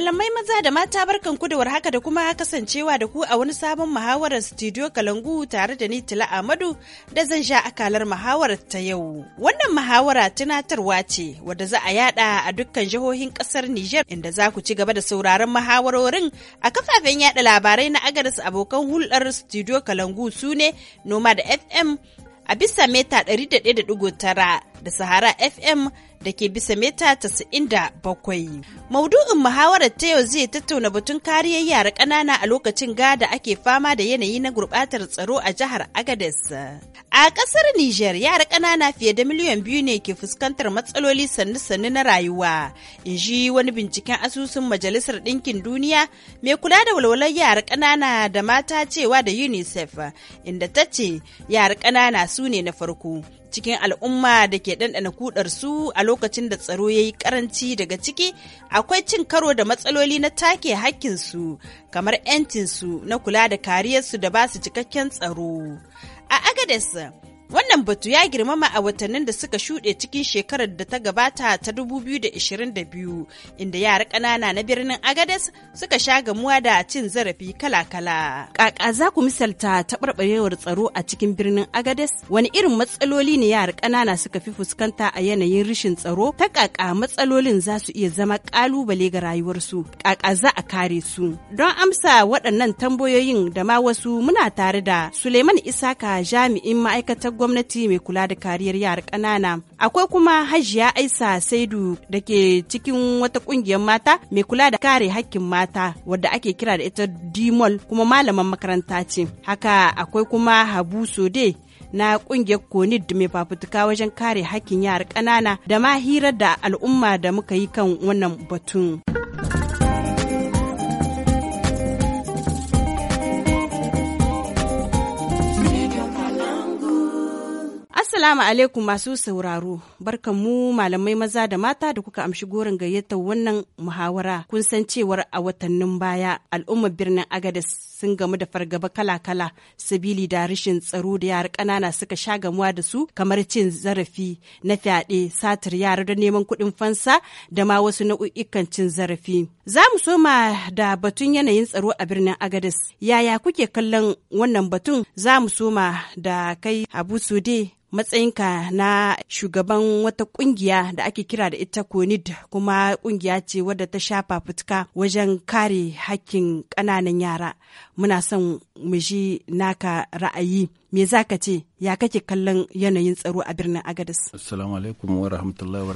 Malamai maza da mata barkan ku da warhaka da kuma kasancewa da ku a wani sabon muhawarar Studio Kalangu tare da ni Tila Amadu da zan sha akalar muhawarar ta yau. Wannan muhawara tunatarwa ce wadda za a yada a dukkan jihohin kasar Nijar inda za ku ci gaba da sauraron muhawarorin a kafafen yada labarai na agaris abokan hulɗar Studio Kalangu su ne Noma da FM a bisa meta 101.9 da Sahara FM da ke bisa mita da bakwai. Maudu'in muhawarar ta yau zai tattauna batun kariyar yara ƙanana a lokacin gada ake fama da yanayi na gurɓatar tsaro a jihar Agadez. A ƙasar Nijar yara ƙanana fiye da miliyan biyu ne ke fuskantar matsaloli sannu-sannu na rayuwa. In ji wani binciken asusun Majalisar Ɗinkin Duniya mai kula da walwalar yara ƙanana da mata cewa da UNICEF inda ta ce yara ƙanana su ne na farko. cikin al'umma da ke ɗanɗana kudar su a lokacin da tsaro ya yi karanci daga ciki akwai cin karo da matsaloli na take hakkinsu kamar 'yancinsu na kula da kariyarsu da ba su cikakken tsaro a agades Wannan batu ya girmama a watannin da suka shuɗe cikin shekarar da ta gabata ta 2022 inda yara ƙanana na birnin Agades suka sha gamuwa da cin zarafi kala-kala. Ƙaƙa za ku misalta taɓarɓarewar tsaro a cikin birnin Agades wani irin matsaloli ne yara ƙanana suka fi fuskanta a yanayin rashin tsaro ta ƙaƙa matsalolin za su iya zama ƙalubale ga rayuwarsu ƙaƙa za a kare su. Don amsa waɗannan tambayoyin da ma wasu muna tare da Suleiman Isaka jami'in ma'aikatar gwamnati mai kula da kariyar yara ƙanana. Akwai kuma Hajiya Aisa Saidu da ke cikin wata ƙungiyar mata mai kula da kare hakkin mata wadda ake kira da ita Dimol kuma malaman makaranta ce. Haka akwai kuma Habu Sode na kungiyar konid mai fafutuka wajen kare hakkin yara ƙanana da ma hirar da al'umma da muka yi kan wannan batun. Assalamu alaikum masu sauraro, barkan mu malamai maza da mata da kuka amshi gorin gayyatar wannan muhawara kun san cewar a watannin baya al'ummar birnin Agadez sun gamu da fargaba kala-kala sabili da rashin tsaro da yara ƙanana suka sha gamuwa da su kamar cin zarafi na fyaɗe satar yara da neman kuɗin fansa da ma wasu nau'ikan cin zarafi. Za mu soma da batun yanayin tsaro a birnin Agadez. Yaya kuke kallon wannan batun? Za mu soma da kai Abu Sude matsayinka na shugaban wata kungiya da ake kira da ita konid kuma kungiya ce wadda ta shafa fitka wajen kare hakkin kananan yara muna son mu naka ra'ayi me za ka ce ya kake kallon yanayin tsaro a birnin agadis assalamu alaikum wa rahmatullahi wa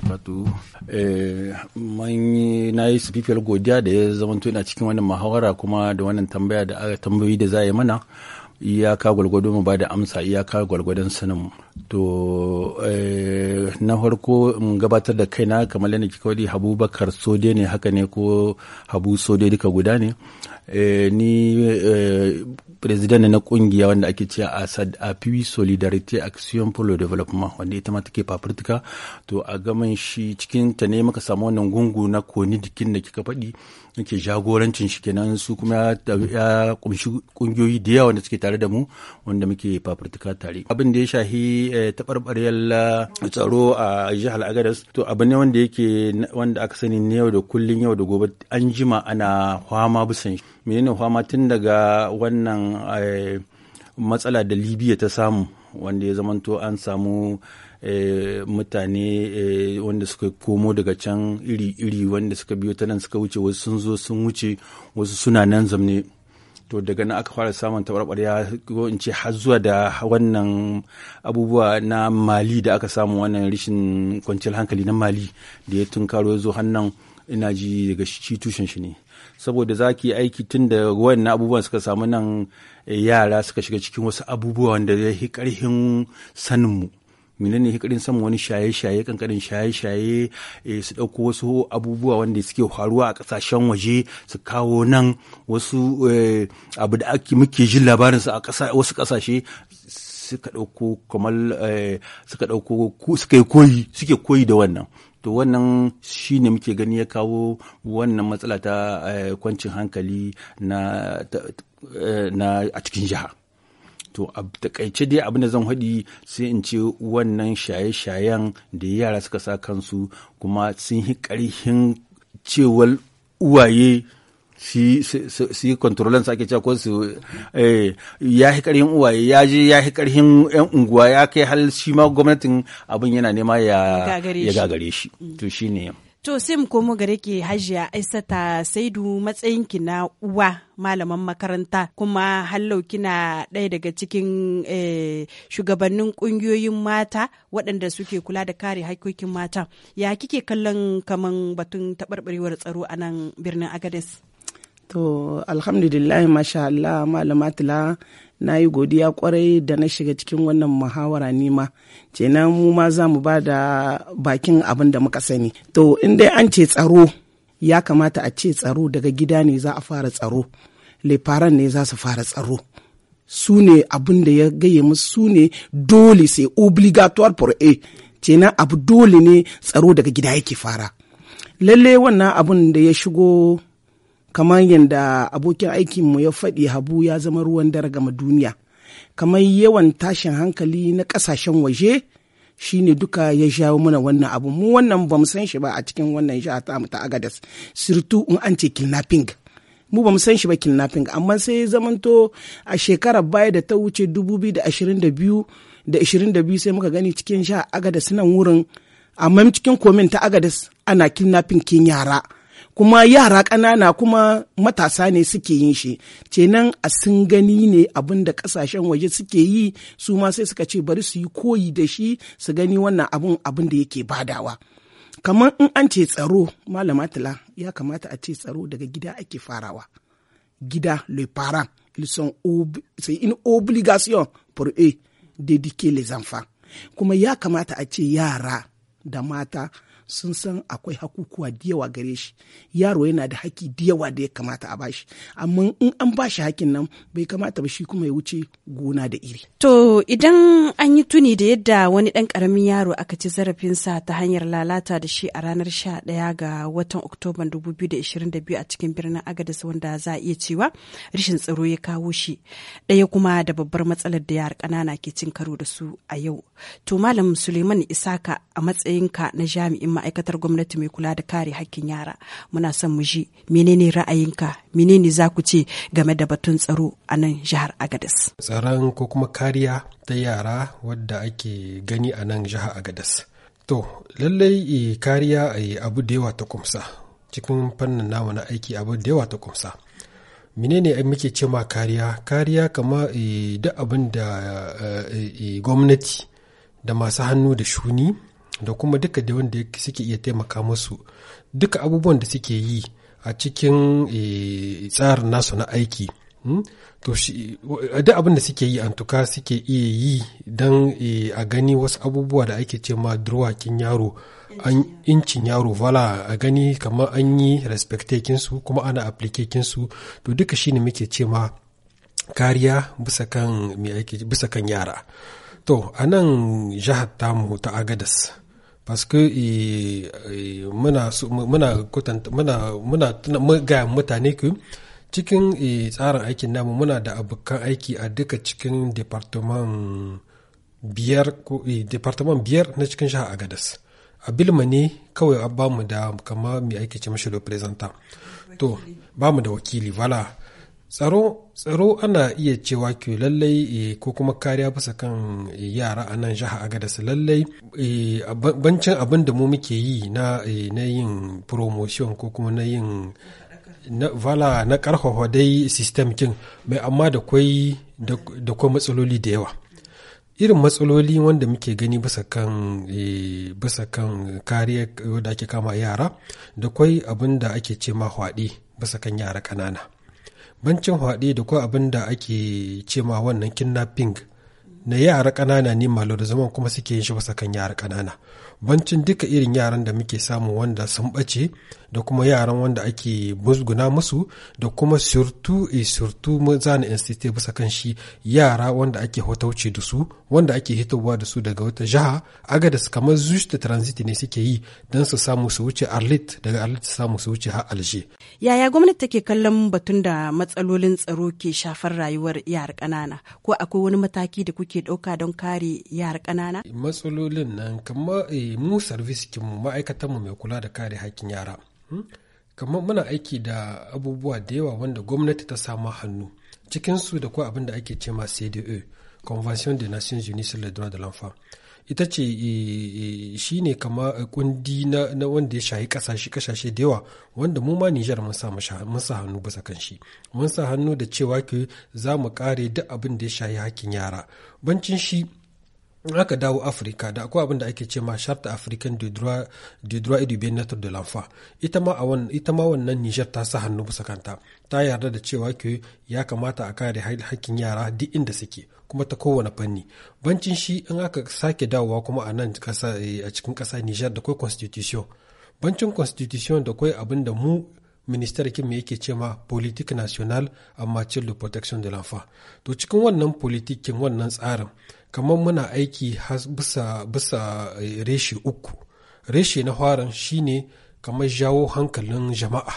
eh, na yi sififiyar godiya da ya zamanto ina cikin wannan muhawara kuma da wannan tambaya da tambayoyi da za a yi mana iyaka gwalgwado mu ba da amsa iyaka gwalgwadon sanin mu. To eh, na farko gabatar da kaina kamar yadda kika wadi Habu Bakar Sode ne haka ne ko Habu Sode duka guda ne. Eh, ni eh, president na kungiya wanda ake ce Asad Apiwi Solidarity Action for the Development wanda ita ma take fafirtuka. To a gaman shi cikin ta ne muka samu wannan gungu na koni dikin da kika faɗi nake jagorancin shi kenan su kuma ya kumshi kungiyoyi da yawa wanda suke tare da mu wanda muke fafirtuka tare. Abin da ya shahi Eh, eh, tsaro a jihar Agadas to abu ne wanda yake wanda aka sani ne yau da kullun yau da gobe an jima ana hwama bisan shi menene hwama tun daga wannan eh, matsala da Libya ta samu wanda ya zamanto an samu mutane wanda suka komo daga can iri-iri wanda suka biyo ta nan suka wuce wasu sun zo sun wuce wasu suna nan zamne to daga nan aka fara samun taɓarɓarya ko in ce har zuwa da wannan abubuwa na mali da aka samu wannan rashin kwanciyar hankali na mali da ya tunkaro ya zo hannan ina ji daga shi tushen shi ne saboda za ki aiki tun da wannan abubuwan suka samu nan eh, yara suka shiga cikin wasu abubuwa wanda ya yi sanin mu. menene hikarin samun wani shaye-shaye kankanin shaye-shaye eh, su ɗauko wasu abubuwa wanda suke faruwa a ƙasashen waje su kawo nan wasu eh, abu da ake muke jin labarinsu a wasu ƙasashe suka ɗauko kamar eh, suka ɗauko suka suke koyi da wannan to wannan shi ne muke gani ya kawo wannan matsala ta kwancin hankali na a cikin jiha. to a takaice dai abin da zan haɗi sai in ce wannan shaye-shayen da yara suka sa kansu kuma sun yi ƙarfin cewar uwaye su yi kontrolan su ake cewa su eh, ya yi ƙarfin uwaye ya je ya yi ƙarfin yan unguwa ya kai hal shi ma gwamnatin abin yana nema ya gagare shi to To sim mu gare ke hajiya Aisata Saidu matsayinki na uwa malaman makaranta kuma hallau kina ɗaya daga cikin eh, shugabannin ƙungiyoyin mata waɗanda suke kula da kare haƙƙoƙin mata. Ya kike kallon kaman batun taɓarɓarewar tsaro a nan birnin Agades? To alhamdulillah masha Allah malama na yi godiya kwarai da na shiga cikin wannan muhawara nima kenan mu ma za mu ba da bakin abin da muka sani to in dai an ce tsaro ya kamata a ce tsaro daga gida ne za a fara tsaro lefaran ne za su fara tsaro su ne abin da ya gaye musu su ne dole sai obligatoire pour a kenan abu dole ne tsaro daga gida yake fara lalle wannan abun da ya shigo kamar yadda abokin aikinmu ya faɗi habu ya zama ruwan dare gama duniya kamar yawan tashin hankali na ƙasashen waje shine duka ya jawo mana wannan abu mu wannan ba mu san shi ba a cikin wannan jiha ta mu ta agadas sirtu in an ce kidnapping mu ba mu san shi ba kidnapping amma sai zamanto a shekarar baya da ta wuce 2022 da 22 sai muka gani cikin jiha agadas nan wurin amma cikin komin ta agadas ana kidnapping kin yara kuma yara ƙanana kuma matasa ne suke yin shi kenan a sun gani ne abin da ƙasashen waje suke yi su ma sai suka ce bari su yi koyi da shi su gani wannan abun abin da yake badawa kamar in an ce tsaro malama tala ya kamata a ce tsaro daga gida ake farawa gida le parent ils sont c'est une obligation pour eux d'éduquer les enfants kuma ya kamata a ce yara da mata sun san akwai hakukuwa da yawa gare shi yaro yana da haki da yawa da ya kamata a bashi amma in an bashi hakin nan bai kamata ba shi kuma ya wuce gona da iri to idan an yi tuni da yadda wani ɗan karamin yaro aka ci zarafinsa ta hanyar lalata da shi a ranar 11 ga watan oktoban 2022 a cikin birnin agadis wanda za a iya cewa rashin tsaro ya kawo shi ɗaya kuma da babbar matsalar da yara ƙanana ke cin karo da su a yau to malam suleiman isaka a matsayinka na jami'in ma'aikatar gwamnati mai kula da kare hakkin yara muna son mu ji menene ra'ayinka menene za ku ce game da batun tsaro a nan jihar agadas tsaron ko kuma kariya ta yara wadda ake gani a nan jihar agadas to lallai e, kariya e, abu da yawa ta kumsa cikin fannin namu na aiki abu da yawa ta kumsa menene muke ce ma kariya kariya kama e, duk abin da gwamnati da masu hannu da shuni da kuma duka da wanda suke iya taimaka musu duka abubuwan da suke yi a cikin eh, tsarin nasu na aiki hmm? to shi duk abin da suke yi antuka suke iya yi don eh, a gani wasu abubuwa da ake ce ma durwakin yaro incin yaro vala a gani kamar an yi respectakin su kuma ana applicakin su to duka shine muke ce ma kariya bisa kan yara to a nan jihar tamu ta agadas parce paske muna muna mutane ku cikin tsarin aikin namu muna da abokan aiki a duka cikin departement biyar ko na cikin shaha a a bilma ne kawai a bamu da kama mai aiki ce mashi representant to bamu da wakili vala tsaro tsaro ana iya cewa ke lallai eh, ko kuma kariya bisa kan eh, yara a nan jiha agadas lallai eh, bancin abin da mu muke yi na yin promotion ko kuma na yin vala na karfafa dai system kin mai amma da kwai da kwai matsaloli da yawa irin matsaloli wanda muke gani bisa kan kan kariya da ake kama yara da kwai abin da ake ce ma hwaɗe bisa kan yara ƙanana bancin haɗe da kuwa abin da ake cema wannan kidnapping na yara ƙanana ne malo da zaman kuma suke yin shi basa kan yara ƙanana bancin duka irin yaran da muke samu wanda sun bace da kuma yaran wanda ake musguna musu da kuma surtu e surtu zana institute bisa kan shi yara wanda ake hotauce da su wanda ake hitowa da su daga wata jaha aga da kamar zuci da transit ne suke yi don su samu su wuce arlit daga arlit su samu su wuce har alje yaya gwamnati take kallon batun da matsalolin tsaro ke shafar rayuwar yara ƙanana ko akwai wani mataki da kuke kuke ɗauka don kare yara ƙanana? Matsalolin nan kama eh, mu sarvis mu mai kula da kare hakkin yara. Hmm? kama muna aiki da abubuwa da yawa wanda gwamnati ta samu hannu. Cikinsu da kuwa abin da ake cema CDE, Convention des Nations Unies sur les droits de l'enfant. ita ce e, e, shi ne kama e, kundi na wanda ya shahi kasashe kasashe da yawa wanda mu ma Nijar mun sa hannu bisa kan shi mun sa hannu da cewa ke za mu kare duk abin da ya shahi hakkin yara bancin shi in aka dawo afirka da akwai abin da ake ce ma sharta african de droit et du bien-être de l'enfant ita ma wannan nijar ta sa hannu bisa kanta ta yarda da cewa ke ya kamata a kare hakkin yara duk inda suke kuma ta kowane fanni bancin shi in aka sake dawowa kuma a nan eh, a cikin kasa nijar da kwai constitution bancin constitution da kwai abin da mu ministar kim yake ce politique nationale a matière de protection de l'enfant to cikin wannan politikin wannan tsarin kamar muna aiki bisa, bisa eh, reshe uku reshe na farin shine kamar jawo hankalin jama'a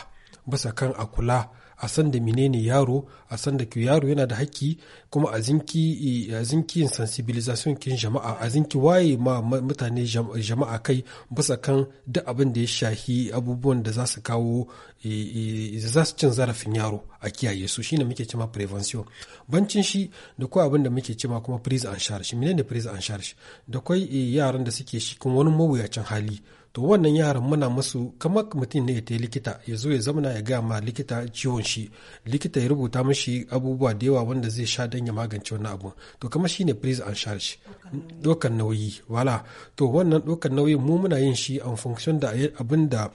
bisa kan a kula a san da menene yaro a san da ke yaro yana da haƙƙi kuma a zinki a zinki sensibilization kin jama'a a zinki waye ma mutane jama'a kai basa kan duk abin da ya shahi abubuwan da za su kawo e, e, za su cin zarafin yaro a kiyaye su shine muke cima prevention bancin shi da kuwa abin da muke cima kuma prison and charge menene prison en charge da kwai e, yaran da suke shi kuma wani mawuyacin hali to wannan yaran muna musu kamar mutum ne ya ta likita ya zo ya zamana ya gaya ma likita ciwon shi likita ya rubuta mashi abubuwa da yawa wanda zai sha don ya magance wannan abun to kamar shine prise and charge dokan nauyi wala to wannan dokan nauyin mu muna yin shi an function da abin da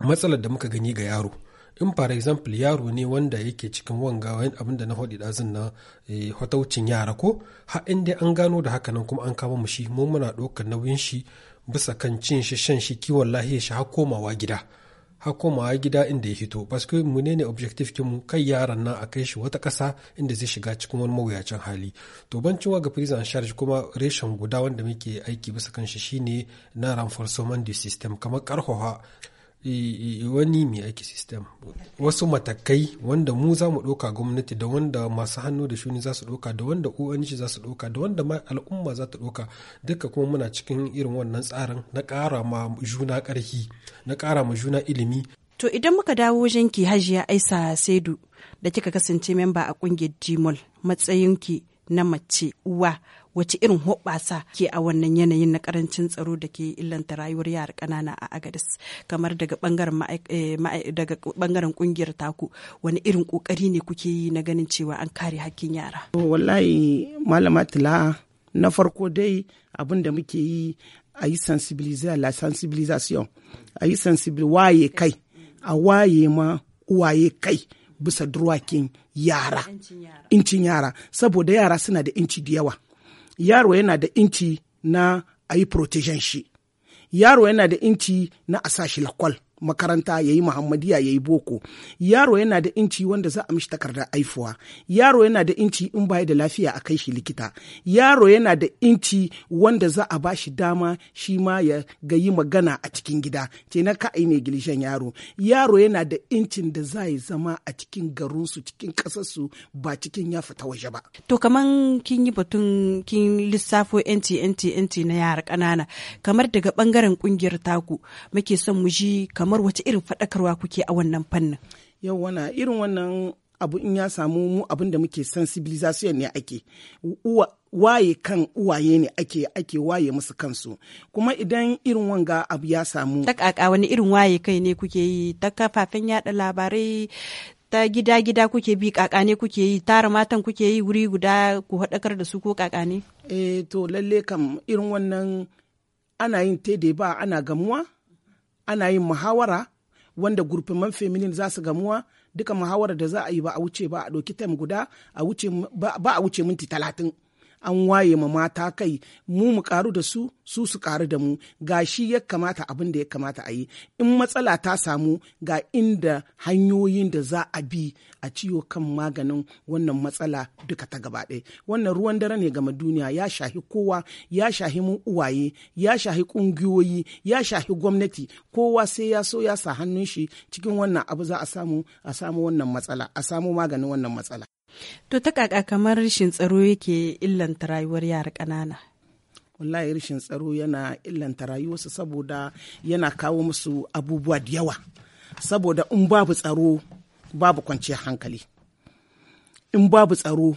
matsalar da muka gani ga yaro in for example yaro ne wanda yake cikin wanga wani abin da na faɗi dazin na hotaucin eh, yara ko ha in dai an gano da hakanan kuma an kama mu shi mu muna dokan nauyin shi bisa kan cin shi shan shi kiwon lahiyar shi har komawa gida har komawa gida inda ya hito kai mu ne objective kinmu kai yaran nan a kai shi wata ƙasa inda zai shiga cikin wani mawuyacin hali to bancin waga prison charge kuma reshen guda wanda muke aiki bisa kan shi shine na ranforcement du system kamar karhoha wani mai aiki system wasu matakai wanda mu za mu ɗauka gwamnati da wanda masu hannu da shuni za su ɗauka da wanda ONG za su ɗauka da wanda al'umma za ta ɗauka duka kuma muna cikin irin wannan tsarin na ƙara ma juna ƙarfi na ƙara ma juna ilimi To idan muka dawo wajen ki hajiya Aisa Saidu da kika kasance memba a ƙungiyar Jimol matsayinki na mace uwa wace irin hoɓɓasa ke a wannan yanayin na karancin tsaro da ke illanta rayuwar yara ƙanana a agadis kamar daga bangaren eh, daga kungiyar taku wani irin kokari ne kuke yi na ganin cewa an kare hakkin yara wallahi malama tila na farko dai abin da muke yi a yi la sensibilisation a yi sensibil waye kai a waye ma waye kai bisa durwakin yara incin yara saboda yara suna da inci da yawa yaro yana da inci na a yi protection shi yaro yana da inci na a sa shi lakwal makaranta ya yi muhammadiya ya yi boko yaro yana da inci wanda za a mishi takardar aifuwa yaro yana da inci in baya da lafiya a kai shi likita yaro yana da inci wanda za a ba shi dama shi ma ya ga yi magana a cikin gida ce na ka'ai ne gilishan yaro yaro yana da incin da za ya zama a cikin garinsu cikin kasarsu ba cikin ya fita waje ba to kamar kin yi batun kin lissafo yanci yanci yanci na yara ƙanana kamar daga bangaren ƙungiyar taku muke son mu ji kamar wace irin faɗakarwa kuke a wannan fannin yau wana irin wannan abu in ya samu mu abin da muke sensibilization ne ake waye kan uwaye ne ake ake waye musu kansu kuma idan irin wanga abu ya samu ta kaka wani irin waye kai ne kuke yi ta kafafen yada labarai ta gida gida kuke bi kaka ne kuke yi tara matan kuke yi wuri guda ku haɗakar da su ko kaka ne eh to lalle kam irin wannan ana yin tede ba ana gamuwa ana yin muhawara wanda gurfiman feminin za su gamuwa duka muhawara da za a yi ba a wuce ba a ɗauki tem guda ba a wuce minti talatin an waye ma mata kai mu mu karu da su su su karu da mu ga shi ya kamata abin da ya kamata a yi in matsala ta samu ga inda hanyoyin da za a bi a ciwo kan maganin wannan matsala duka ta gaba wannan ruwan dare ne game duniya ya shahi kowa ya shahi mu uwaye ya shahi kungiyoyi ya shahi gwamnati kowa sai ya so ya sa hannun shi cikin wannan abu za a samu a samu wannan matsala a samu maganin wannan matsala To ta kaka kamar rashin tsaro yake illanta rayuwar yara ƙanana. wallahi rashin tsaro yana illanta rayuwarsu saboda yana kawo musu abubuwa da yawa saboda in babu tsaro babu kwanciyar hankali in babu tsaro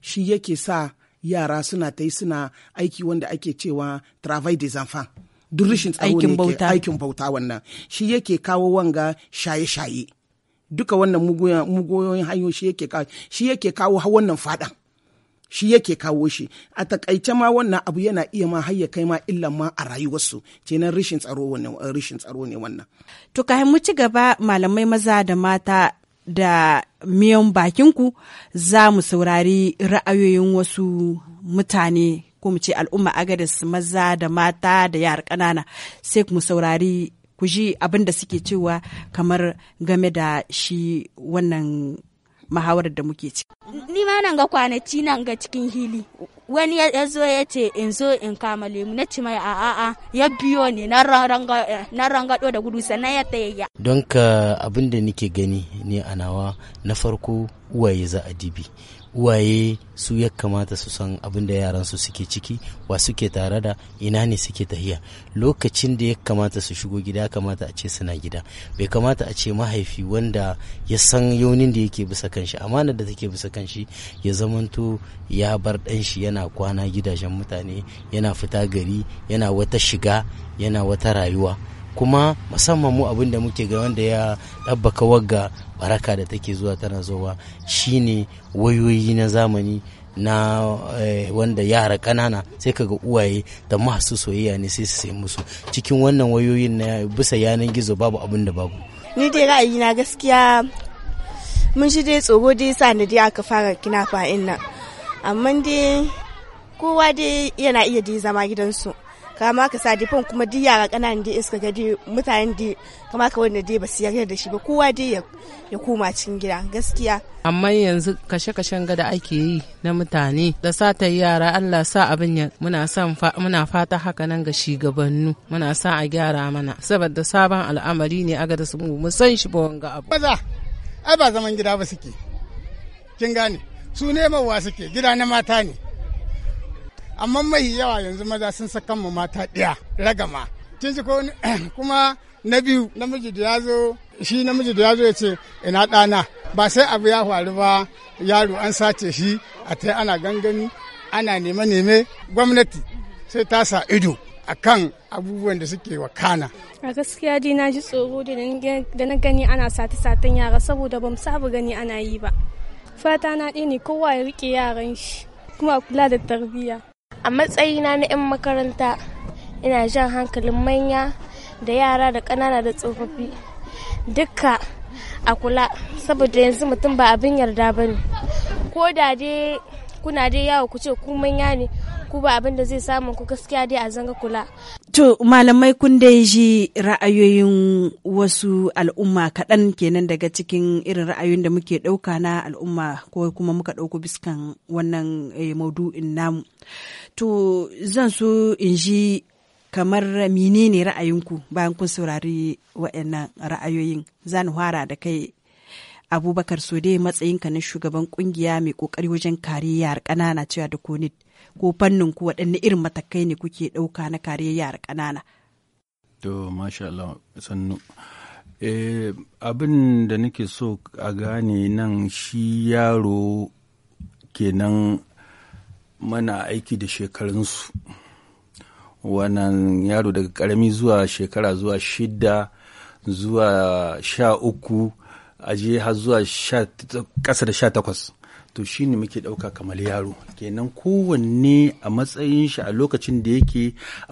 shi yake sa yara suna ta yi suna aiki wanda ake cewa travail des enfants duk rashin tsaro ne aikin bauta wannan shi yake kawo wanga shaye-shaye duka wannan mugoyoyin hanyoyi shi yake kawo shi yake kawo wannan faɗan shi yake kawo shi a takaice ma wannan abu yana iya ma hayya kai ma illan ma a rayuwarsu kenan rishin tsaro wannan rishin tsaro ne wannan to kai mu ci gaba malamai maza da mata da miyan bakinku za mu saurari ra'ayoyin wasu mutane ko mu ce al'umma agadis maza da mata da yara kanana sai mu saurari ku ji abin da suke cewa kamar game da shi wannan muhawarar da muke ciki. Ni ma nan ga kwanaki nan ga cikin hili wani ya zo ya ce in zo in kama lemu na ci mai a'a ya biyo ne na rangado da gudu sannan ya tayayya don ka abin da nike gani ne a nawa na farko uwaye za a dibi uwaye su ya kamata su san abin da yaran su suke ciki wa suke tare da ina ne suke tahiya lokacin da ya kamata su shigo gida kamata a ce suna gida bai kamata a ce mahaifi wanda ya san yaunin da yake bisa kanshi amana da take bisa kanshi ya zamanto ya bar dan shi yana yana kwana gidajen mutane yana fita gari yana wata shiga yana wata rayuwa kuma musamman mu abin da muke ga wanda ya ɗabbaka wagga baraka da take zuwa tana zowa shine wayoyi na zamani na eh, wanda yara kanana sai kaga uwaye da masu soyayya ne sai su sai musu cikin wannan wayoyin na bisa yanan gizo babu abin da babu ni dai ra'ayi na gaskiya mun shi dai tsoro dai sa ni dai aka fara kina fa'in nan amma dai kowa dai yana iya dai zama gidansu kama ka sa difan kuma duk yara kananan dai iska ga mutanen dai kama ka wanda dai ba su yarda da shi ba kowa dai ya koma cikin gida gaskiya amma yanzu kashe-kashen gada ake yi na mutane da sata yara Allah sa abin ya muna son muna fata haka nan ga shugabannu muna sa a gyara mana saboda sabon al'amari ne aga da su mu san shi ba wanga abu ba ai ba zaman gida ba suke kin gane su ne mawa suke gida na mata ne amma mai yawa yanzu maza sun sakan mu mata ɗaya ragama tun ko kuma na biyu namiji da ya zo shi namiji da ya zo ya ce ina ɗana ba sai abu ya faru ba yaro an sace shi a ta ana gangami ana neme-neme gwamnati sai ta sa ido a kan abubuwan da suke wa kana. a gaskiya dai na ji tsoro da na gani ana sata-satan yara saboda ban saba gani ana yi ba fata na ɗaya ne kowa ya rike yaran shi kuma kula da tarbiyya a matsayina na 'yan makaranta ina jan hankalin manya da yara da ƙanana da tsofaffi duka a kula saboda yanzu mutum ba abin yarda ba ne ko da dai kuna dai yawo ku ce ku manya ne ku ba abin da zai samu ku gaskiya dai a zanga kula To malamai kun dai ji ra'ayoyin wasu al'umma kaɗan kenan daga cikin irin ra'ayoyin da muke ɗauka na al'umma ko kuma muka ɗauko biskan wannan eh, maudu'in namu. To zan so in ji kamar menene ra'ayinku bayan kun saurari waɗannan ra'ayoyin zan fara da kai abubakar dai matsayinka na shugaban kungiya mai kokari wajen kare yar ƙanana cewa da konit ko fannin ku waɗanne irin matakai ne kuke ɗauka na kare yara ƙanana. To, masha Allah, sannu. Eh, abin da nake so a gane nan shi yaro kenan mana aiki da shekarunsu. Wannan yaro daga karami zuwa shekara zuwa shida zuwa sha uku aje har zuwa ƙasa da sha takwas. to shi ne muke ɗauka kamar yaro kenan kowanne a matsayin shi a lokacin da yake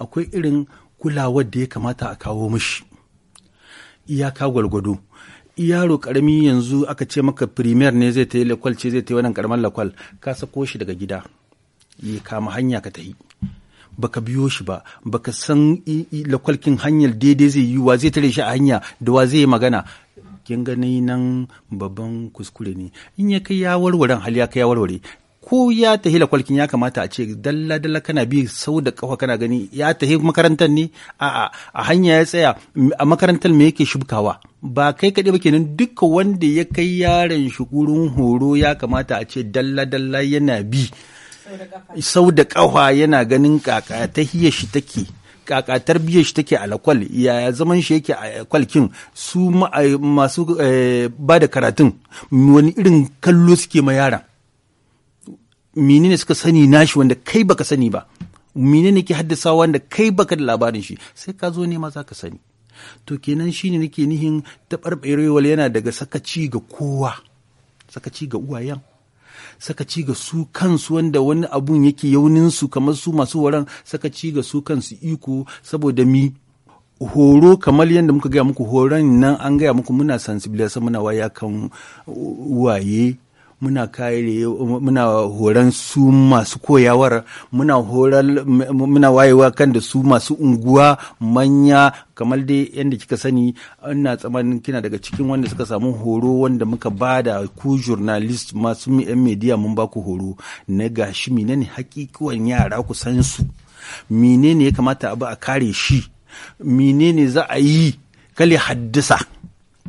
akwai irin kulawar da ya kamata a kawo mishi iyaka gwalgwado yaro karami yanzu aka ce maka premier ne zai ta yi lakwal ce zai ta yi wannan karamar lakwal ka sako shi daga gida ya kama hanya ka ta yi baka biyo shi ba baka san lakwalkin hanyar daidai zai yi wa zai tare shi a hanya da wa zai magana kin gani nan babban kuskure ne in ya kai ya warware hali ya kai ya warware ko ya tahi lakwalkin ya kamata a ce dalla dalla kana bi sau da kafa kana gani ya tahi makarantar ne a a hanya ya tsaya a makarantar me yake shubkawa ba kai kaɗai ba kenan duka wanda ya kai yaron shi gurin horo ya kamata a ce dalla dalla yana bi sau da kafa yana ganin kaka ta hiyar shi take kakatar biyar shi take a lakwal ya zaman shi yake a kwalkin su eh, masu eh, ba da karatun wani irin kallo suke ma yaran menene suka sani nashi wanda kai baka sani ba menene ke haddasa wanda kai baka da labarin shi sai ka zo nema za ka sani to kenan shine nake nihin taɓarɓarewar yana daga sakaci ga kowa sakaci ga uwayen sakaci ga su kansu wanda wani abun yake yauninsu su kamar su masu waran sakaci ga su kansu iko saboda mi horo kamar yadda muka gaya muku horon nan an gaya muku muna sensibilizar muna waya kan waye muna kayan muna horan su masu koyawar muna horan muna wayewa kan da su masu unguwa manya kamar dai yadda kika sani ina tsamanin kina daga cikin wanda suka samu horo wanda muka ba da ku journalist masu yan media mun ba ku horo na gashi menene hakikuwan yara ku san su menene ya kamata abu a kare shi menene za a yi kale haddasa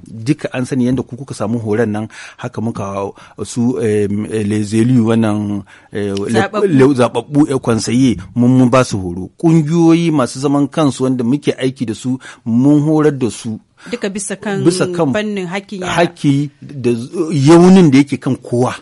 duka an sani yadda kuka samu horon nan haka muka su eh, lezeli wannan eh, zababbu eh, kwansaye mun mun ba su horo ƙungiyoyi masu zaman kansu wanda muke aiki da su mun horar da su duka bisa kan fannin haki da yaunin da yake kan kowa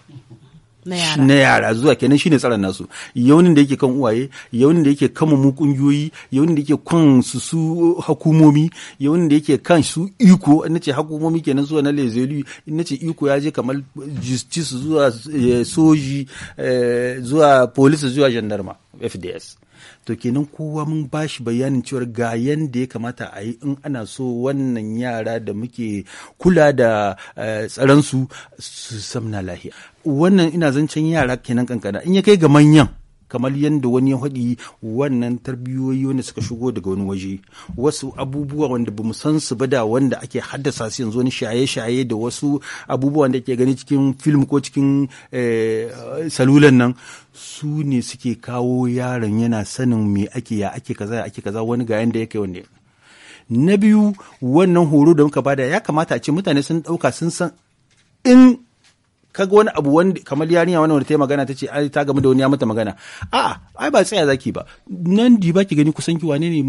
na yara zuwa kenan shine tsaron nasu yawanin da yake kan uwaye yawanin da yake kan mu kungiyoyi yawanin da yake kan su su hukumomi yawanin da yake kan su iko ce hukumomi kenan zuwa na lezelu ce iko ya je kamar justice zuwa eh, soji eh, zuwa police zuwa jandarma fds to kenan kowa mun ba shi bayanin cewar ga yanda ya kamata a yi in ana so wannan yara da muke kula da eh, tsaransu su samna lahiya wannan ina zancen yara kenan kankana in ya kai ga manyan kamar yadda wani ya haɗi wannan tarbiyoyi wanda suka shigo daga wani waje wasu abubuwa wanda bamu san su ba da wanda ake haddasa su yanzu wani shaye-shaye da wasu abubuwan da ke gani cikin film ko cikin eh, salulan nan su ne suke kawo yaron yana sanin me ake ya ake kaza ake kaza wani ga yanda kai wanda na biyu wannan horo da muka bada ya kamata a ce mutane sun ɗauka sun san in kaga wani abu wanda kamar yarinya wani wani ta yi magana ta ce ai ta gamu da wani ya mata magana a ai ba tsaya zaki ba nan di ba ki gani kusan ki wane ne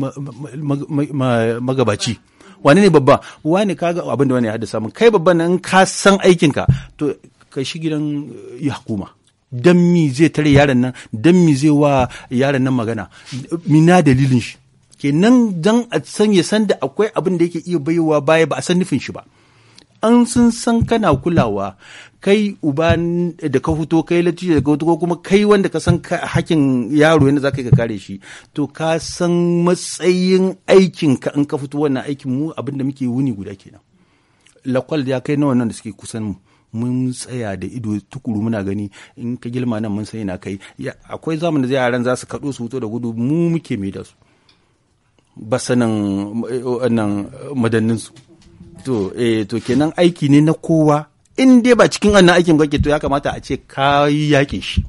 magabaci wane ne babba wane kaga abin da wani ya haddasa mun kai babban nan ka san aikinka to ka shi gidan hukuma eh, dan mi zai tare yaron nan dan mi zai wa yaron nan magana mina dalilin shi kenan dan a san ya san da akwai abin da yake iya baiwa baya ba a san nufin shi ba an sun san kana kulawa kai uba da ka fito kai latijo da ka fito kuma kai wanda ka san hakin yaro yadda za ka yi kare shi to ka san matsayin aikin ka in ka fito wannan aikin mu abinda muke wuni guda kenan lakwal ya kai nawa nan da suke kusan mu mun tsaya da ido tukuru muna gani in ka girma nan mun san na kai akwai zamanin da yaran za su kaɗo su fito da gudu mu muke mai da su basanan eh, eh, madannin su to eh to kenan aiki ne na kowa in dai ba cikin wannan aikin kake to ya kamata a ce ka yi yakin shi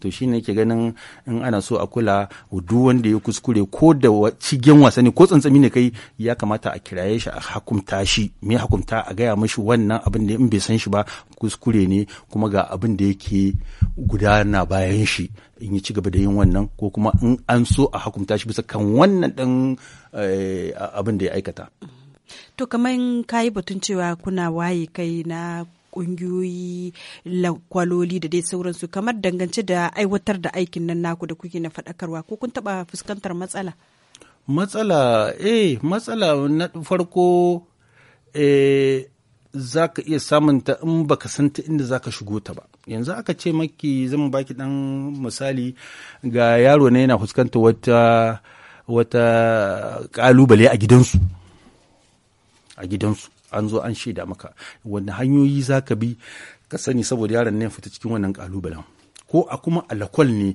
to shi ne ke ganin in ana so a kula duk wanda ya kuskure ko da cigen wasa ne ko tsantsami ne kai ya kamata a kiraye shi a hakumta shi me hakumta a gaya mashi wannan abin da in bai san shi ba kuskure ne kuma ga abin da yake gudana bayan shi in yi cigaba da yin wannan ko kuma in an so a hakumta shi bisa kan wannan dan eh, abin da ya aikata. To kamar ka yi batun cewa kuna waye kai na kungiyoyi kwaloli da dai sauransu kamar dangance da aiwatar da aikin nan naku da kuke na faɗakarwa ko kun taɓa fuskantar matsala? Matsala, eh, matsala na farko eh, za ka iya samunta in ba baka santa inda za ka shigo ta ba. Yanzu aka ce maki zama baki ɗan misali ga yaro na yana fuskanta wata wata ƙalubale a gidansu. a gidansu an zo an shaida maka wani hanyoyi za ka bi ka sani saboda yaron ya fita cikin wannan kalubalen ko a kuma alakwal ne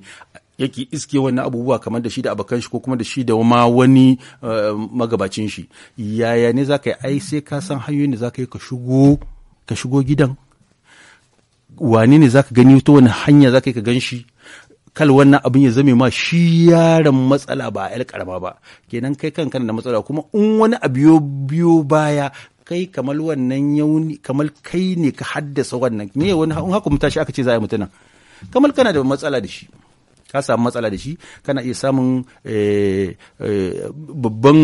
yake iske wani abubuwa kamar da shi da abokan shi ko kuma da shi da ma wani eh, magabacin shi yaya ne za ka yi ai sai ka san hanyoyin da za ka yi ka shigo gidan wane ne za ka gani ta wani hanya za ka yi ka gan shi kal wannan abin ya zame ma shi yaron matsala ba yar karama ba kenan kai kanka da matsala kuma in wani abu biyo baya kai kamar wannan yauni kamar kai ne ka haddasa wannan me wani in haka mutashi aka ce za a yi mutunan kamar kana da matsala da shi ka samu matsala da shi kana iya samun eh, eh, babban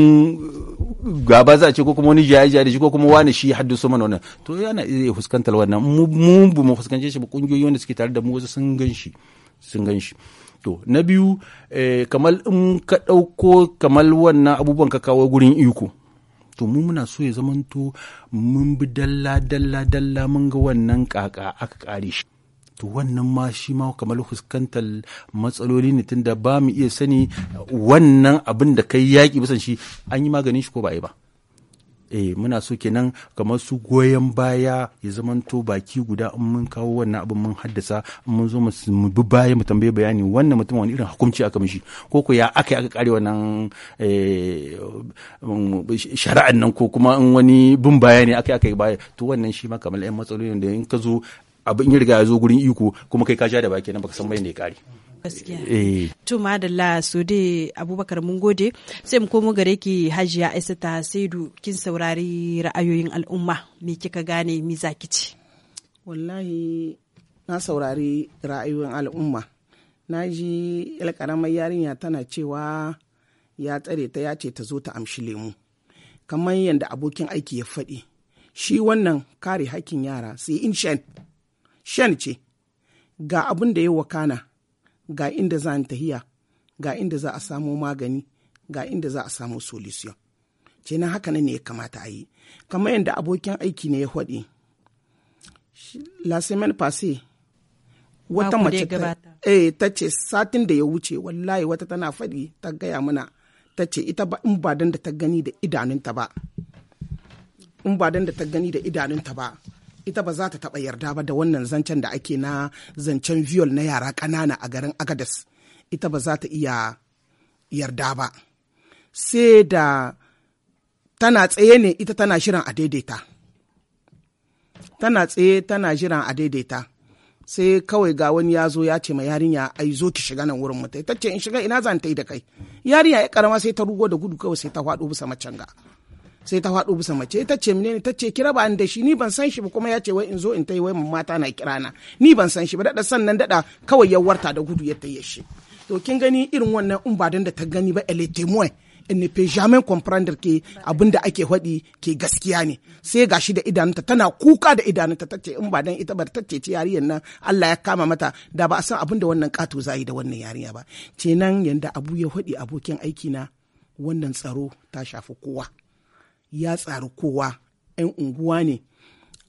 gaba za a ce ko kuma wani jaya da shi ko kuma wani shi haddasa mana wannan to yana iya fuskantar wannan mu bu mu fuskance shi ba kungiyoyi wanda suke tare da mu wasu sun gan shi sun gan shi to na biyu eh, kamar in ka ɗauko kamar wannan abubuwan ka kawo gurin iko to mu muna so ya zamanto mun bi dalla dalla dalla mun ga wannan kaka aka kare shi to wannan ma shi ma kamar fuskantar matsaloli ne tunda ba mu iya sani wannan abin da kai yaƙi bisan shi an yi maganin shi ko ba yi ba eh muna so kenan kamar su goyon baya ya zamanto baki guda in mun kawo wannan abin mun haddasa in mun zo mu bi baya mu tambaye bayani wannan mutum wani irin hukunci aka mishi ko ko ya aka aka kare wannan eh, mm, shari'an nan ko kuma in wani bin baya ne aka aka baya to wannan shi ma kamar yan matsaloli da in ka zo abin ya riga ya zo gurin iko kuma kai ka sha da baki nan baka san mai ne kare eh. to madalla so dai abubakar mun gode sai mu komo gare ki hajiya aisata saidu kin saurari ra'ayoyin al'umma me kika gane za ki ci wallahi na saurari ra'ayoyin al'umma na ji yar karamar yarinya tana cewa ya tsare ta ya ce ta zo ta amshi lemu kamar yadda abokin aiki ya faɗi shi wannan kare hakkin yara sai in shan ce ga abin da ya wakana ga inda za tahiya ga inda za a samo magani ga inda za a samo solution ce na haka ne ya kamata a yi kamar yadda abokin aiki ne ya faɗi la semaine passée wata mace eh ta ce satin da ya wuce wallahi wata tana faɗi ta gaya mana ta ce ita ba in ba da ta gani da idanunta ba in ba da ta gani da idanunta ba ita ba za ta taɓa yarda ba da wannan zancen da ake na zancen viol na yara ƙanana a garin agadas ita ba za ta iya yarda ba sai da tana tsaye ne ita tana shirin a daidaita tana tsaye tana shirin a daidaita sai kawai ga wani ya zo ya ce ma yarinya ai zo ki shiga nan wurin mutai ce in shiga ina zan ta yi da kai yarinya ya karama sai ta rugo da gudu kawai sai ta faɗo bisa macanga sai ta faɗo bisa mace ita ce ne ta ce kira ba an da shi ni ban san shi ba kuma ya ce wai in zo in tai wai mata na kira na ni ban san shi ba dada sannan dada kawai ya warta da gudu ya taye shi to kin gani irin wannan in ba dan da ta gani ba elle témoin in ne jamais comprendre ke abinda ake faɗi ke gaskiya ne sai gashi da idanunta tana kuka da idanunta ce in ba dan ita ba ta ce yariyar nan Allah ya kama mata da ba a san abin da wannan kato zai da wannan yarinya ba kenan yanda abu ya faɗi abokin aiki na wannan tsaro ta shafi kowa ya tsari kowa 'yan unguwa ne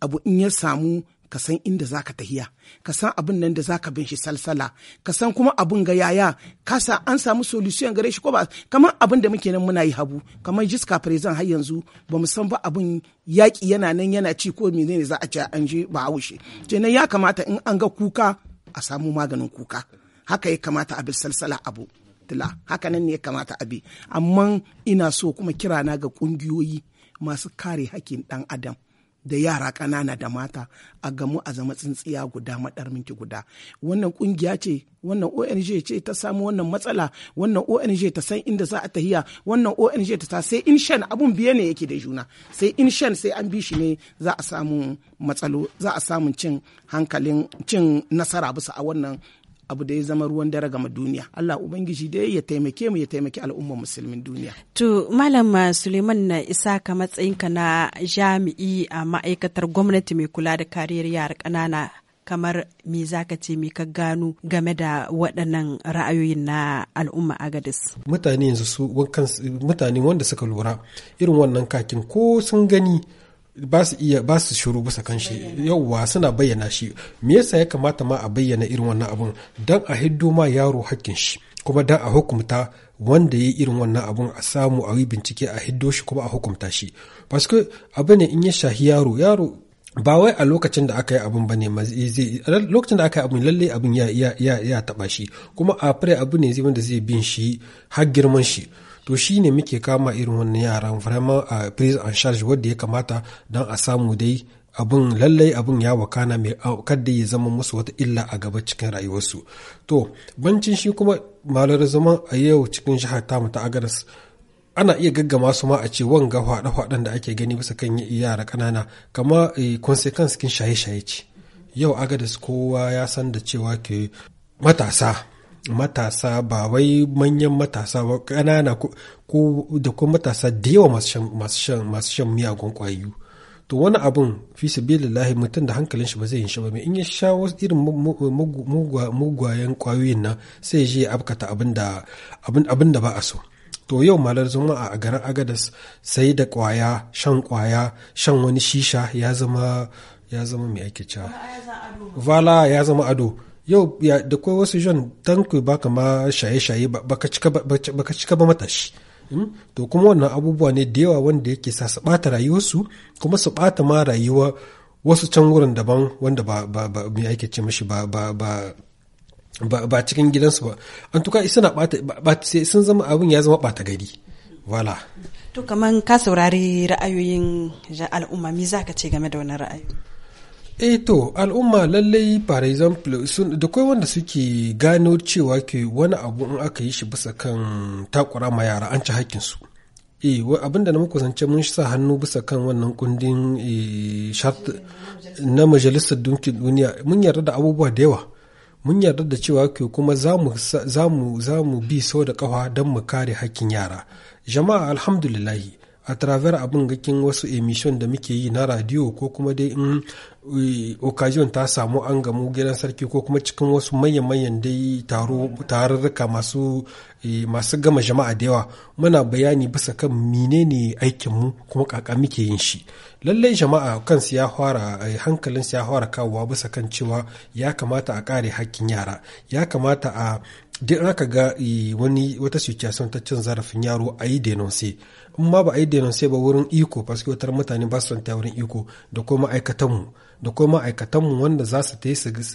abu in ya samu ka inda za ka tahiya ka san abin nan da za ka bin shi salsala kasan kuma abin ga yaya kasa an samu solution gare shi ko ba kamar abin da muke nan muna yi habu kamar jiska prezan har yanzu ba san ba abin yaƙi yana nan yana ci ko menene za a ci an je ba haushe kenan ya kamata in an ga kuka a samu maganin kuka haka ya kamata a bi salsala abu tila haka nan ne ya kamata a bi amma ina so kuma kirana ga ƙungiyoyi masu kare hakkin ɗan adam da yara ƙanana da mata a gamu a zama tsintsiya guda maɗar minti guda wannan ƙungiya ce wannan ONG ce ta samu wannan matsala wannan ONG ta san inda za a tahiya wannan ONG ta ta sai in shan abun biye ne yake da juna sai in shan sai an bi shi ne za a samu matsalo za a samu cin hankalin cin nasara bisa a wannan abu da ya zama ruwan dare gama duniya Allah ubangiji dai ya taimake mu ya taimaki al'umma musulmin duniya to malam Suleiman na isa ka matsayinka na jami'i a ma'aikatar gwamnati mai kula da kariyar yara ƙanana kamar me zaka ce me ka gano game da waɗannan ra'ayoyin na al'umma agadis mutane yanzu su mutane wanda suka lura irin wannan kakin ko sun gani ba su iya ba su shiru bisa kan shi yauwa suna bayyana shi me yasa ya kamata ma a bayyana irin wannan abun dan a hiddo ma yaro hakkin shi kuma dan a hukumta wanda ya yi irin wannan abun a samu a yi bincike a hiddo shi kuma a hukumta shi paske abu ne in ya shahi yaro yaro ba wai a lokacin da aka yi abun ba ne lokacin da aka yi abun lalle abun ya ya taba shi kuma a abu ne zai wanda zai bin shi har girman shi to shi ne muke kama irin wannan yaran vraiment a prise en charge wadda ya kamata don a samu dai abin lallai abin ya wakana mai kadda ya zama musu wata illa a gaba cikin rayuwarsu to bancin shi kuma malar zama a yau cikin jihar tamu ta agaras ana iya gaggama su ma a ce wanga faɗe-faɗen da ake gani bisa kan yara ƙanana kama eh, consequence kin shaye-shaye ce yau agadas kowa ya san da cewa ke matasa matasa ba wai manyan matasa ba ƙanana ko da kuma matasa da yawa masu shan miyagun ƙwayoyi to wani abin fi lahi mutum da hankalin shi ba zai yin shi ba mai in ya sha wasu irin mugwayen ƙwayoyin nan sai je ya abkata abin da ba a so to yau malar zuma a garin agadas sai da ƙwaya shan kwaya shan wani shisha ya zama ya zama mai ake cewa vala ya zama ado yau ya da kai wasu jan ku ba kama shaye-shaye ka cika ba matashi hmm? to kuma wannan abubuwa ne da yawa wanda yake sa su bata rayuwarsu kuma su bata ma rayuwa wasu can wurin daban wanda ba ba ba me ake ce mashi ba ba ba ba ba cikin gidansu ba an tuka isa na bata sai sun zama abin ya zama bata gari wala to kaman ka saurari ra'ayoyin al'umma me zaka ce game da wannan ra'ayi eh to al'umma lallai par example sun da kai wanda suke gano cewa ke wani abu in aka yi shi bisa kan takura ma yara an ci hakkin su eh abin da na muku zance mun sa hannu bisa kan wannan kundin eh, na majalisar dunkin duniya mun yarda da abubuwa da yawa mun yarda da cewa ke kuma zamu mu bi sau da kafa don mu kare hakkin yara jama'a alhamdulillahi a travers abin gakin wasu emission da muke yi na radio ko kuma dai in eh, occasion ta samu an gamu gidan sarki ko kuma cikin wasu manyan-manyan dai tarurruka masu eh, masu gama jama'a da yawa muna bayani bisa kan menene aikinmu kuma kaka muke yin shi lallai jama'a kansu ya fara eh, hankalinsu ya fara kawowa bisa kan cewa ya kamata a kare hakkin yara ya kamata a duk aka ga wani wata situation ta cin zarafin yaro a yi denonse in ma ba a yi sai ba wurin iko paske wutar mutane ba su ta wurin iko da kuma ma'aikatanmu da kuma ma'aikatanmu wanda za su ta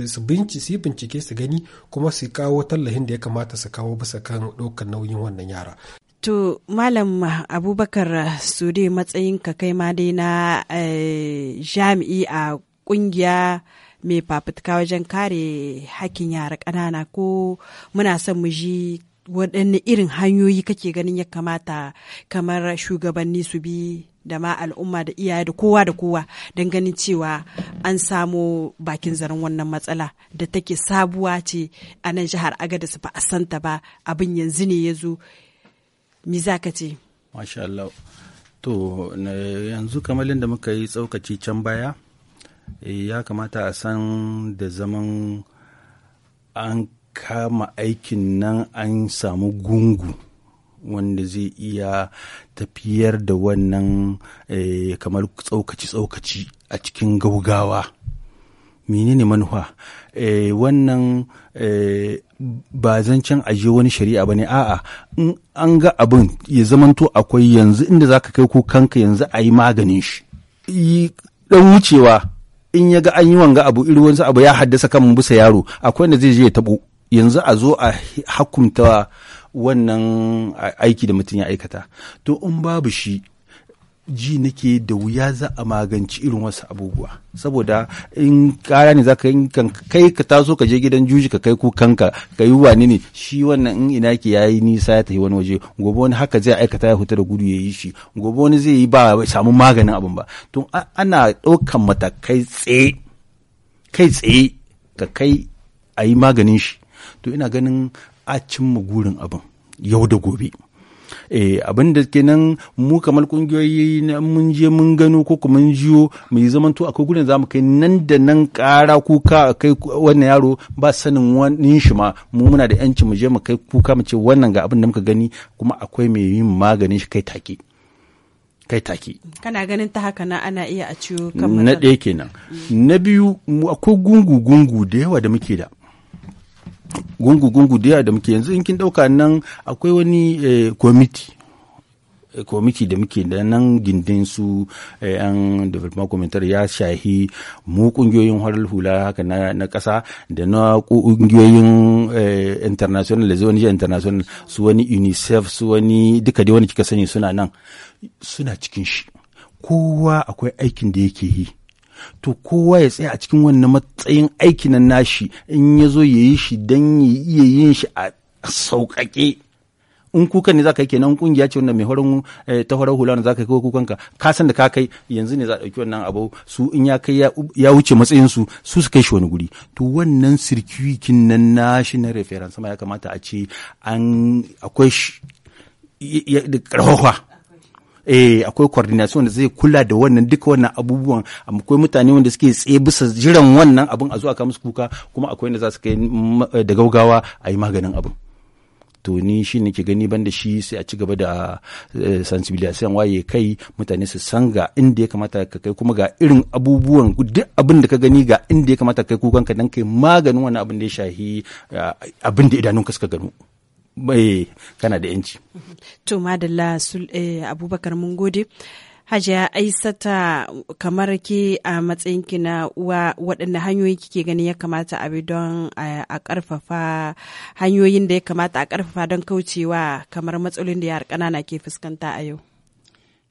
su bincike su gani kuma su kawo tallahin da ya kamata su kawo bisa kan ɗaukar nauyin wannan yara To Malam Abubakar Sude matsayin ka kai ma dai na eh, jami'i a ƙungiya mai fafutuka wajen kare hakkin yara ƙanana ko muna son mu ji waɗanne irin hanyoyi kake ganin ya kamata kamar shugabanni su bi da ma al'umma da iyaye da kowa da kowa don ganin cewa an samo bakin zaren wannan matsala da take sabuwa ce a nan jihar agadis ba a santa ba abin yanzu ne ya zo mi za ka ce masha Allah yanzu kamar da muka yi tsaukaci can baya eh, ya kamata a san da zaman an kama aikin nan an samu gungu wanda zai iya tafiyar da wannan eh, kamar tsaukaci-tsaukaci a cikin gaugawa menene manufa eh, wannan eh, ba zancen aje wani shari'a ba ne a'a in an ga abin ya zamanto akwai yanzu inda za ka kai kanka yanzu a yi maganin shi dan wucewa in ya ga an yi wanga abu irin wani abu ya haddasa kan bisa yaro akwai wanda zai je ya tabo yanzu a zo a hakumta wannan aiki da mutum ya aikata to in babu shi ji nake da wuya za a magance irin wasu abubuwa saboda in kara ne za ka kai ka taso ka je gidan juji ka kai kukanka ka yi wani ne shi wannan in ina ke yayi nisa ya tafi wani waje gobe wani haka zai aikata ya fita da gudu ya yi shi gobe wani zai yi ba samu maganin abin ba to ana ɗaukan matakai tsaye kai tsaye ka kai a yi maganin shi to ina ganin a cimma gurin abin yau da gobe eh abin da kenan mu kamar kungiyoyi mun je mun gano ko kuma mun jiyo mu yi zaman to akwai gudun zamu kai nan da nan kara kuka kai wannan yaro ba sanin wani shi ma mu muna da yanci mu je mu kai kuka mu ce wannan ga abin da muka gani kuma akwai mai yin maganin shi kai take kai take kana ganin ta haka na ana iya a ciwo kamar na ɗaya kenan mm. na biyu akwai gungu gungu da yawa da muke da gungu-gungu da da muke yanzu in kin dauka nan akwai wani kwamiti eh, kwamiti eh, da muke da nan gindin su yan eh, development commentary ya shahi mu kungiyoyin horar hula haka na kasa da na kungiyoyin international da zai international su wani unicef su wani duka dai wani kika sani suna nan suna cikin shi kowa akwai aikin da yake yi to kowa ya tsaya a cikin wannan matsayin aikin na nashi in ya zo ya yi shi don ya iya yin shi a sauƙaƙe in kuka ne za ka yi kenan ƙungiya ce wanda mai horon eh, ta horar hula wanda zaka kai kukan ka ka san da ka kai yanzu ne za a dauki wannan abu su in ya kai ya wuce matsayin su su su kai shi wani guri to wannan sirkuikin nan nashi na referan sama ya kamata a ce an akwai da eh akwai coordination da zai kula da wannan duka wannan abubuwan akwai mutane wanda suke tsaye bisa jiran wannan abun a zo ka musu kuka kuma akwai wanda za su kai eh, da gaugawa a yi maganin abin to ni shi nake gani banda shi sai a ci gaba da eh, sensibilisation waye kai mutane su san ga inda ya kamata ka kai kuma ga irin abubuwan duk abin da ka gani ga inda ya kamata ka kai kukan ka dan kai maganin wannan abin da ya shahi eh, abin da idanunka suka gano bai eh, kana da yanci. To madalla eh, Abubakar mun gode. Hajiya Aisata kamar ke a matsayinki na uwa waɗanne hanyoyi kike ganin ya kamata a bi don a ƙarfafa hanyoyin da ya kamata a ƙarfafa don kaucewa kamar matsalolin da yar ƙanana ke fuskanta a yau.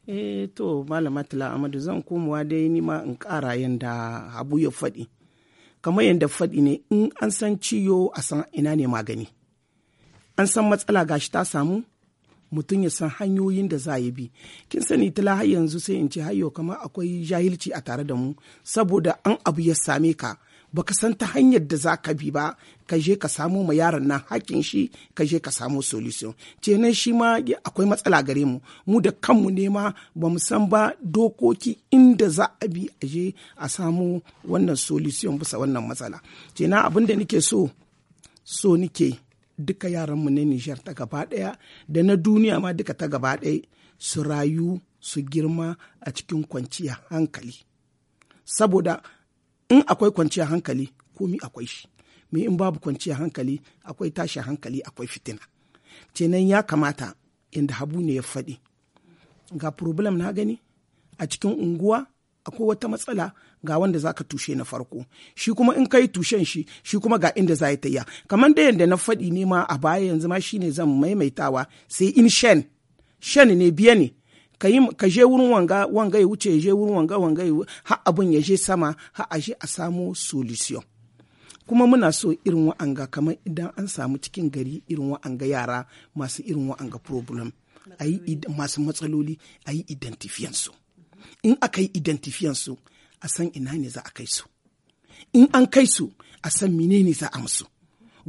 Eh to malama Tula Amadu zan komawa dai ni ma in ƙara yanda Habu ya faɗi. Kamar yanda faɗi ne in an san ciyo a san ina ne magani. an san matsala gashi ta samu mutum ya san hanyoyin da za ya bi kin sani tila har yanzu sai in ce hayo kamar akwai jahilci a tare da mu saboda an abu ya same ka baka san ta hanyar da za ka bi ba ka je ka samo ma yaron nan hakin shi ka je ka samo solution ce nan shi ma akwai matsala gare mu mu da kanmu ne ma ba mu san ba dokoki inda za a bi a je a samo wannan solution bisa wannan matsala ce na abin da nake so so nike duka yaran mu na Nijar ta gaba ɗaya da na duniya ma duka ta gaba ɗaya su rayu su girma a cikin kwanciyar hankali. Saboda in akwai kwanciya hankali komi akwai shi, me in babu kwanciya hankali akwai tashi hankali akwai fitina. Kenan ya kamata inda habu ne ya faɗi. Ga problem na gani a cikin unguwa akwai wata matsala ga wanda zaka tushe na farko shi kuma in kai tushen shi shi kuma ga inda za ta yi kamar da yadda na faɗi ne ma a baya yanzu ma shine zan maimaitawa sai in shen shen ne biya ne ka yi ka je wurin wanga wanga ya wuce je wurin wanga wanga ya ha abun ya je sama ha a je a samo solution kuma muna so irin wa'anga kamar idan an samu cikin gari irin wa'anga yara masu irin wa'anga problem masu matsaloli ayi yi identifiyansu in aka yi identifiyan su a san ina ne za a kai su in an kai su a san mine ne za a musu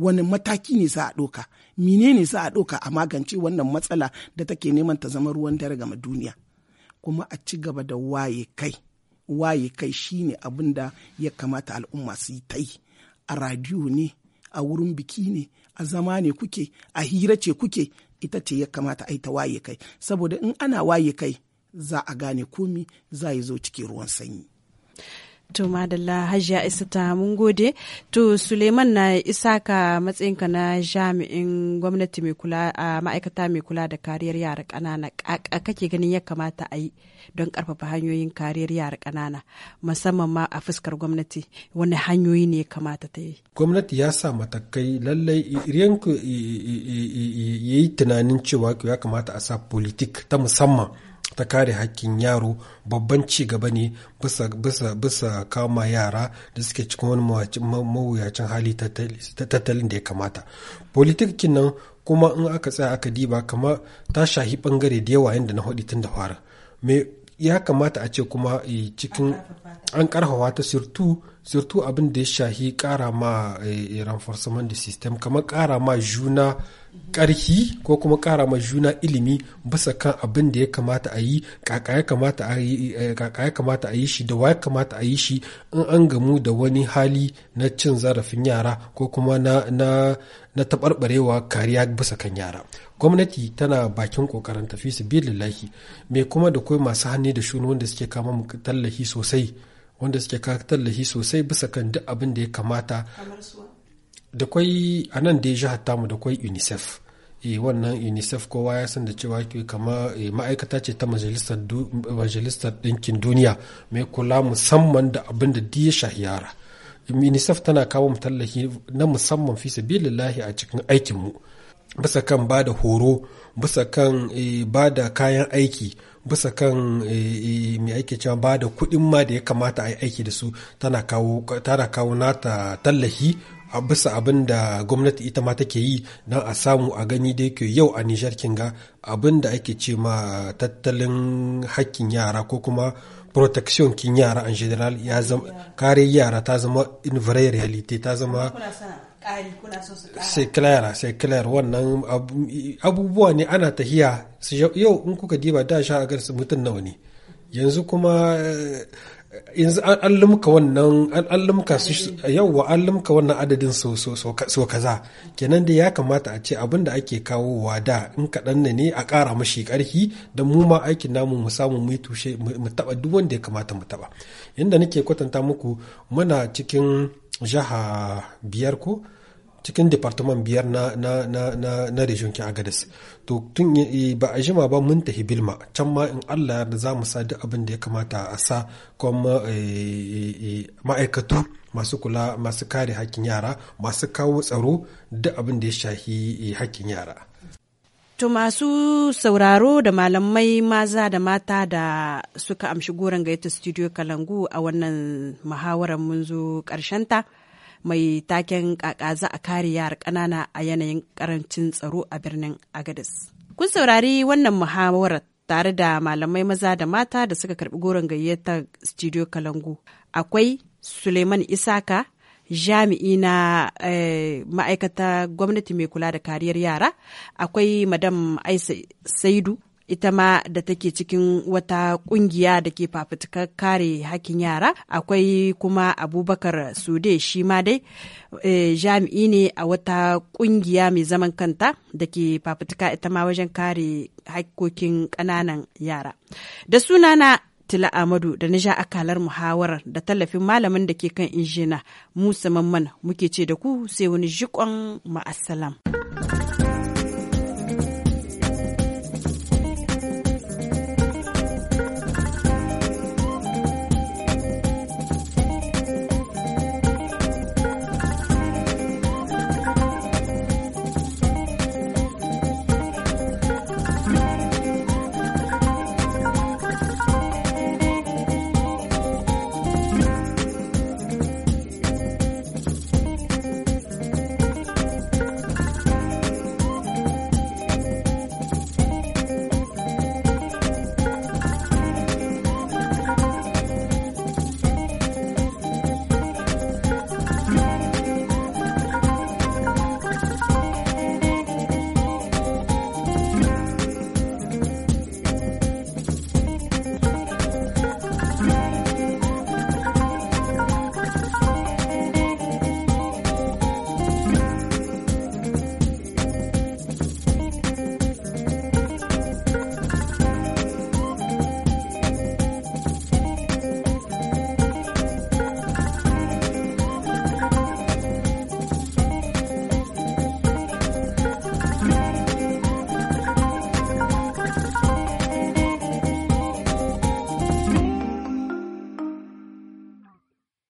wani mataki ne za a ɗoka ne za a ɗoka a magance wannan matsala da take neman ta zama ruwan dare ga duniya kuma a ci gaba da waye kai waye kai shine abin da ya kamata al'umma su yi ta yi a radiyo ne a wurin biki ne a zama ne kuke a hira ce kuke ita ce ya kamata a yi ta waye kai saboda in ana waye kai za a gane komi za yi zo cikin ruwan sanyi. To Madalla Hajiya ta mun gode. To Suleiman na isaka matsayinka na jami'in gwamnati mai kula a ma'aikata mai kula da kariyar yara ƙanana kake ganin ya kamata a yi don karfafa hanyoyin kariyar yara ƙanana musamman ma a fuskar gwamnati wani hanyoyi ne ya kamata ta yi. Gwamnati ya sa matakai lallai irin ya yi tunanin cewa ya kamata a sa politik ta musamman. ta kare hakkin yaro babban ci gaba ne bisa kama yara da suke cikin wani mawuyacin hali tattalin da ya kamata politikin nan kuma in aka tsaya aka diba kama ta shahi bangare da yawa yadda na haɗi tun da fara me ya kamata a ce kuma eh, cikin an karfafa ta sirtu sirtu abin da ya shahi kara ma eh, eh, renforcement da system kamar kara ma juna ƙarhi ko kuma ƙara ma juna ilimi bisa kan abin da ya kamata a yi eh, kamata a yi shi da waya kamata a yi shi in an gamu da wani hali na cin zarafin yara ko kuma na, na, na taɓarɓarewa kariya bisa kan yara gwamnati tana bakin ƙoƙarin tafi su lillahi mai kuma da kai masu hannu da shuni wanda suke kama tallahi sosai wanda suke kawo tallahi sosai bisa kan duk abin da ya kamata da kwai a nan da ya jihar mu da kwai unicef e wannan unicef kowa ya san da cewa ke kama eh, ma'aikata ce ta majalisar ɗinkin duniya mai kula musamman da abin da ya shahi yara unicef tana kawo mu tallafi na musamman fi sabilillahi a cikin aikinmu bisa kan ba da horo bisa kan eh, ba da kayan aiki bisa kan mai ake cewa ba da kuɗin ma da ya kamata a yi aiki da su tana kawo nata tallafi. bisa abin da gwamnati ita ma take yi na a samu a gani da yake yau a Nijar kinga abin da ake ce ma tattalin hakkin yara ko kuma protection kin yara en general ya zama kare yara ta zama in vrai reality ta zama sai clara sai clara wannan abubuwa ne ana tahiya yau in kuka diba da sha a mutum nawa ne yanzu kuma eh, yanzu an lumka wannan an lumka su yawwa an lumka wannan adadin so kaza kenan da ya kamata a ce abin da ake kawowa da in kaɗan ne ne a ƙara mashi ƙarfi don mu ma aikin namu mu samu mu tushe mu taɓa duk wanda ya kamata mu taɓa inda nake kwatanta muku muna cikin jiha biyar ko cikin departament biyar na na na na, na region agadis to tun ba a jima ba mun tafi bilma can ma in Allah ya za mu sa duk abin da ya kamata a sa kuma e, e, e, ma'aikatu masu kula masu kare hakkin yara masu kawo tsaro da abin da ya shahi hakkin yara To masu sauraro da malamai maza da mata da suka amshi goron gaita studio Kalangu a wannan muhawarar mun zo ƙarshenta. ta mai taken kaka za a kare yara ƙanana a yanayin ƙarancin tsaro a birnin agadis kun saurari wannan muhawarar tare da malamai maza da mata da suka karbi goron gayyata studio kalangu akwai suleiman isaka jami'i na eh, ma'aikata gwamnati mai kula da kariyar yara akwai madam aisa saidu ita ma da take cikin wata kungiya da ke fafutukar kare hakin yara akwai kuma abubakar sude shi ma dai e, jami'i ne a wata kungiya mai zaman kanta da ke fafutuka ita ma wajen kare hakkokin kananan yara da sunana Tila Amadu da na ja akalar muhawarar da tallafin malamin da ke kan injina Musa Mamman muke ce da ku sai wani jikon ma'asalam.